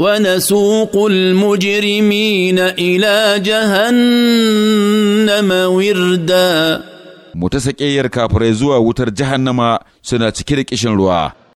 ونسوق المجرمين إلى جهنم وردا متسكير كابريزوا وتر جهنم سنة كيرك إشن